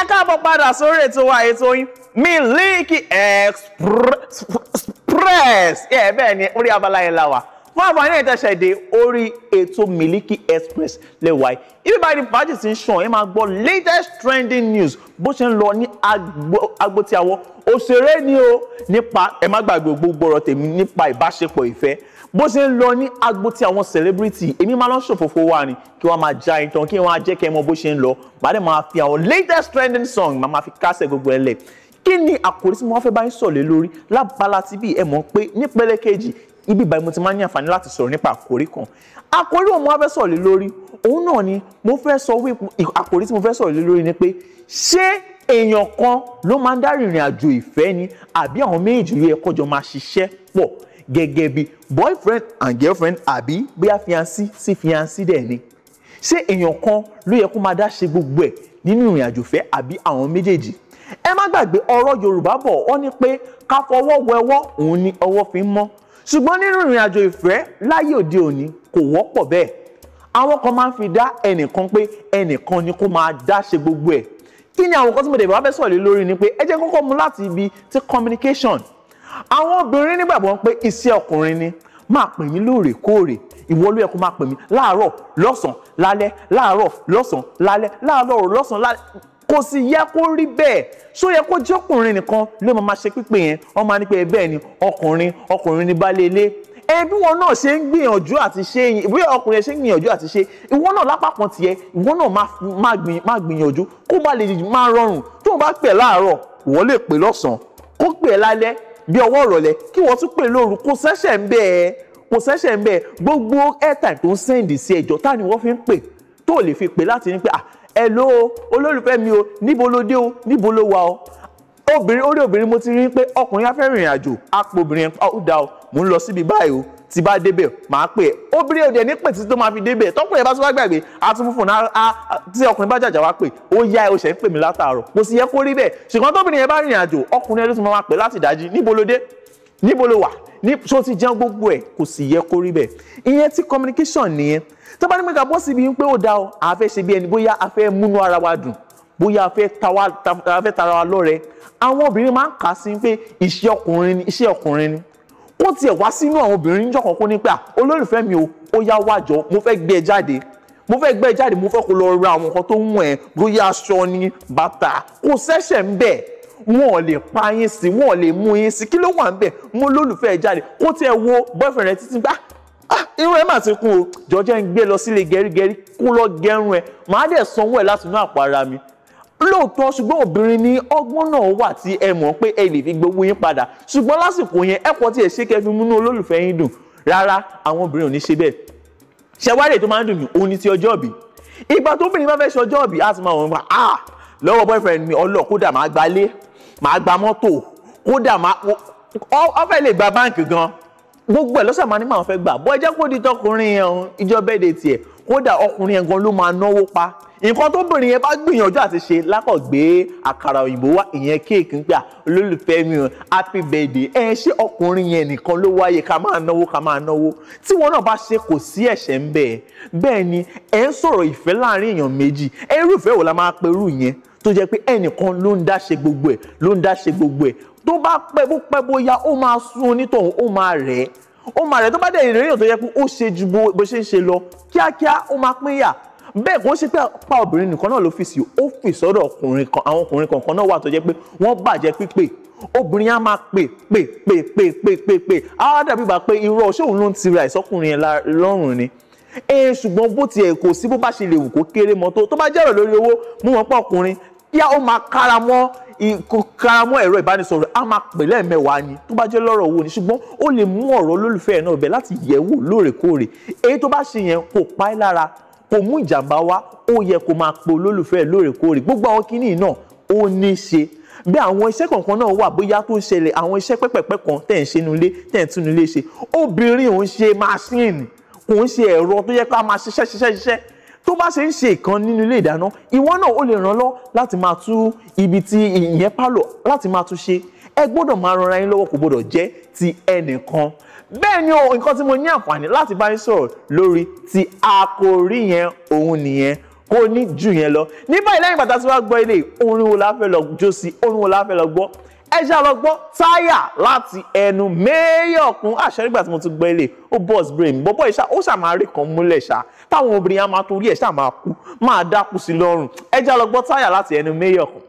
ẹ káàbọ̀ padà sórí ètò wa ètò yín Miliki Express ẹ bẹ́ẹ̀ ni orí abala yẹn la wà fún àǹfààní ẹ̀yin tẹ̀sẹ̀ dé orí ètò Miliki Express lẹ́wàá yìí ibi báyìí ni fàájì ti ń ṣàn ẹ máa gbọ́ latest trending news bó ṣe ń lọ ní agbo tí a wọ òṣèré ni o nípa ẹ má gbàgbé gbogbo ọ̀rọ̀ tèmi nípa ìbáṣepọ̀ ìfẹ́ bó ṣe ń lọ ní agbo tí àwọn celebrity èmi máa lọ ṣòfófó wa ni kí wọ́n máa ja ìtàn kí wọ́n á jẹ́ kẹ́ ẹ mọ bó ṣe ń lọ màá dẹ̀ máa fi àwọn latest trending song màá máa fi kásẹ̀ gbogbo ẹ̀ lẹ̀ kí ni àkòrí tí mo fẹ́ bá yín sọ̀lẹ̀ lórí lábala tv ẹ̀ mọ̀ pé nípele kejì ibi ìbáyìí mo ti máa ń ní àǹfààní láti sọ̀rọ̀ nípa àkórí kan àkórí òun mo fẹ́ sọ̀rọ̀ lé lórí òun náà ni mo fẹ́ sọ wípé àkórí tí mo fẹ́ sọ̀rọ̀ lé lórí ni pé ṣé èèyàn kan ló máa ń dárìn ìrìn àjò ìfẹ́ ni àbí àwọn méjì ló yẹ kó máa ṣiṣẹ́ pọ̀ gẹ́gẹ́ bí boyfriend and girlfriend àbí bóyá fiancé sí fiancé dẹ̀ ni ṣé èèyàn kan ló yẹ kó máa dá ṣe gbogbo ẹ̀ nínú ìrìn àjò ìfẹ́ àbí àwọn méjèèjì ẹ má gbàgbé ọ̀rọ̀ Yorùbá bọ̀ ọ́ ní pé ká fọwọ́ wẹwọ́ òun ni ọwọ́ fi ń mọ́ ṣùgbọ́n nínú ìrìn àjò ìfẹ́ láyé òde òní kò wọ́pọ̀ bẹ́ẹ̀ àwọn kan máa ń fi dá ẹnìkan pé ẹnìkan ni kó máa dá ṣe gbogbo ẹ̀ kí ni àwọn kan tí fẹ́ sọ̀rọ̀ lórí ni pé ẹ jẹ́ kókó mu láti ibi ti communication àwọn obìnrin nígbàgbọ́ pé iṣẹ́ ọkùnrin ni máa pè mí lóòrèkóòrè ìwọ ló yẹ kó máa pè mí láàárọ̀ lọ́sàn-án lálẹ́ láàárọ̀ lọ́sàn-án lálẹ́ láàárọ̀ lọ́sàn-án lálẹ́ kò sì yẹ kó rí bẹ́ẹ̀ ṣó yẹ kó jẹ́ ọkùnrin nìkan ló máa ṣe pípé yẹn wọ́n máa ní pé bẹ́ẹ̀ ni ọkùnrin ọkùnrin ni baálé ilé ẹbí wọn náà ṣe ń gbìyànjú àti ṣe ìwé ọkùnrin ṣe ń gbìyànjú àti ṣe ìwọ náà lápá kan tiẹ̀ ìwọ náà máa gbìyànjú kó bá lè máa rọrùn tó o bá pè láàárọ̀ wọ́n lè pè lọ́sàn-án kó pè lálẹ́ bí ọwọ́ ìrọ̀lẹ́ kí wọ́n tún pè lóru kó sẹ́sẹ̀ ń bẹ̀ ẹ́ kò sẹ́sẹ̀ ń bẹ̀ gbogbo airtime tó ń sẹ́ǹdì sí ẹjọ́ tá ni wọ́n fi ń pè tó lè fi pè láti ní pé ah hello olólùfẹ́ mi o níbo ló dé o níbo ló wà o obìnrin orí obìnrin mo ti rí pé ọkùnrin á fẹ́ rìnrìn àjò á pò obìnrin ó dá o mò ń lọ síbi báyìí o tí bá débẹ̀ màá pè é obìnrin òde ní pè títí tó máa fi débẹ̀ tọ́kùnrin bá tún bá gbàgbé atúnfúnfún náà tí ọkùnrin bá jàjà wá pè ó yá ẹ o ṣẹ̀ ń pè mí látàárọ̀ kò sì yẹ kó rí bẹ́ẹ̀ ṣùgbọ́n tóbìnrin yẹn bá rìnrìn àjò ọkùnrin ẹ ló tún máa pè láti ìdájí níbo ló dé níbo ló wà ní ṣó ti jẹun gbogbo ẹ̀ kò sì yẹ kó rí bẹ́ẹ̀ ìyẹn tí communication nìyẹn tó bá ní pé ká bọ́ síbi pé ó da ọ a fẹ́ ṣe bí ẹni bóyá a fẹ́ múnú ara wa dùn bóyá a fẹ́ tara wa lọ́rẹ̀ẹ́ àwọn obìnrin máa ń kà á sí pé iṣẹ́ ọkùnrin ni iṣẹ́ ọkùnrin ni kó tiẹ̀ wá sínú àwọn obìnrin níjọ́ kó ní olólùfẹ́ mi o ó yá wájọ mo fẹ́ gbé ẹ jáde mo fẹ́ gbé ẹ jáde mo fẹ́ kó lọ ra àwọn nǹkan tó ń wọ̀ ẹ́ bóyá aṣọ ni bàtà kò sẹ́sẹ̀ ń bẹ̀ wọn ò lè pa yín sí wọn ò lè mú yín sí kí ló wà ń bẹ̀ mo lólùfẹ́ ẹ̀ jáde kó tiẹ̀ wo boyfriend rẹ títí gbá ah irun ẹ mà ti kún o jọjẹ́ ń gbé lọ sílé gẹrígẹrí kó lọ gẹrun ẹ màá dẹ̀ sanwó ẹ̀ láti inú àpò ara mi lóòótọ́ ṣùgbọ́n obìnrin ní ọgbọ́n náà wà tí ẹ mọ̀ pé ẹ lè fi gbowó yín padà ṣùgbọ́n lásìkò yẹn ẹ kọ́ tí ẹ ṣe kẹfí múnú olólùfẹ́ yín dùn rárá àwọn obìnrin ò ní ṣe bẹ́ẹ̀ ṣẹwárẹ̀ tó máa ń dùn mí òun ni ti ọjọ́ ìbí ìgbà tóbìnrin bá fẹ́ ṣe ọjọ́ ìbí á ti máa wọ̀n wá ah lọ́wọ́ boyfriend mi ọlọ́ọ̀ kódà máa gbalé màá gba mọ́tò kódà màá ọ fẹ́ lè gba báǹkì gan gbogbo ẹ̀ lọ́sẹ̀ máa ní màá fẹ́ gbà bọ́ ẹ jẹ́ kó di tọkùnrin yẹn ìjọba èdè tiẹ̀ kódà ọkùnrin yẹn gan ló máa náwó pa nǹkan tóbìnrin yẹn bá gbìyànjú àti ṣe lákọ̀gbé àkàrà òyìnbó wá ìyẹn kéèkì ń pè à olólùfẹ́ mi o happy birthday ẹ ṣé ọkùnrin yẹn nìkan ló wáyé ká máa náwó ká máa náwó tí wọn náà bá ṣe kò sí ẹ̀ṣẹ̀ ń bẹ̀ bẹ́ẹ̀ ni ẹ ń sọ̀rọ̀ ìfẹ́ láàrin èèyàn méjì ẹ irúfẹ́ wo la máa perú yẹn tó jẹ́ pé ẹnìkan ló ń dá ṣe gbogbo ẹ̀ ló ń dá ṣe gbogbo ẹ̀ tó bá pẹ́ bó pẹ́ bóyá ó máa sún onítọ̀hún ó máa rẹ̀ ẹ́ ó máa rẹ̀ tó bá dẹ̀ ìrẹ́yìn tó yẹ pé ó ṣe ju bó ṣe ń ṣe lọ kíákíá ó máa pín yà bẹ́ẹ̀ kò ń ṣe pé apá obìnrin nìkan náà ló fi sí ó fi sọ́dọ̀ ọkùnrin kan àwọn ọkùnrin kọ̀ọ̀kan náà wà tó jẹ́ pé wọ́n bàjẹ́ pípé obìnrin á máa pè pè pè pè pè pè pè á dàbí gbà pé irú ọ̀ṣẹ́ òun ló ń tira ìsọkùnrin yẹn lọ́rùn ni ee ṣùgbọ́n bó tiẹ̀ kò sí bó bá ṣe lè wù kó kéré mọ́ tó tó bá jẹ́rọ̀ lórí owó mú wọn pọ̀ ọkùnrin kí ó máa kára mọ́ kára mọ́ ẹ̀rọ ìbánisọ̀rọ̀ á máa pè lẹ́ẹ̀mẹ́wàá ni tó bá jẹ́ lọ́rọ̀ owó ni ṣùgbọ́n ó lè mú ọ̀rọ̀ olólùfẹ́ ẹ̀ náà bẹ̀ láti yẹ̀ wò lóòrèkóòrè èyí tó bá ṣe yẹn kò pa ẹ́ lára kò mú ìjàmbá wá ó yẹ kó máa pe olólùfẹ́ ẹ̀ lóòrèkóòrè gbogbo àwọn kinní náà ó ní ṣe bí àwọn iṣẹ́ kọ̀ọ̀kan náà wà bóyá tó ń ṣẹlẹ̀ àwọn iṣẹ́ pẹ́pẹ̀pẹ́ kan tẹ̀ ń ṣe nulé tẹ̀ ń tún nulé ṣe obìnrin òun ṣe máṣíìnì kò ń ṣe ẹ̀rọ tó yẹ ká máa ṣiṣẹ́ ṣiṣẹ́ ṣiṣẹ́ tó bá ṣe ń ṣe ìkan nínú ilé ìdáná ìwọ náà ó lè ràn lọ láti máa tú ibi tí ìyẹn pálọ̀ láti máa tún ṣe ẹ gbọ́dọ̀ máa ranra yín lọ́wọ́ kò gbọ́dọ̀ jẹ́ ti ẹnìkan bẹ́ẹ̀ ni o nǹkan tí mo ní àǹfààní láti bá yín sọ̀rọ̀ lórí ti àkòrí yẹn òun nìyẹn kò ní jù yẹn lọ ní báyìí lẹ́yìn bàtà tí wàá gbọ́ ilé orin wo la fẹ́ lọ jó sí orin wo la fẹ́ lọ gbọ́ ẹ já lọ gbọ́ táyà láti ẹnu Mẹ́yọ̀kún àṣẹ nígbà tí mo ti gbọ́ ó bọ́ọ̀sì brain bọ́bọ́ ìṣá ó ṣà máa rí kan múlẹ̀ ṣá táwọn obìnrin á máa torí ẹ̀ ṣá máa kú máa dákú sí lọ́rùn ẹ lọ gbọ́ táyà láti ẹnu Mẹ́yọ̀kún.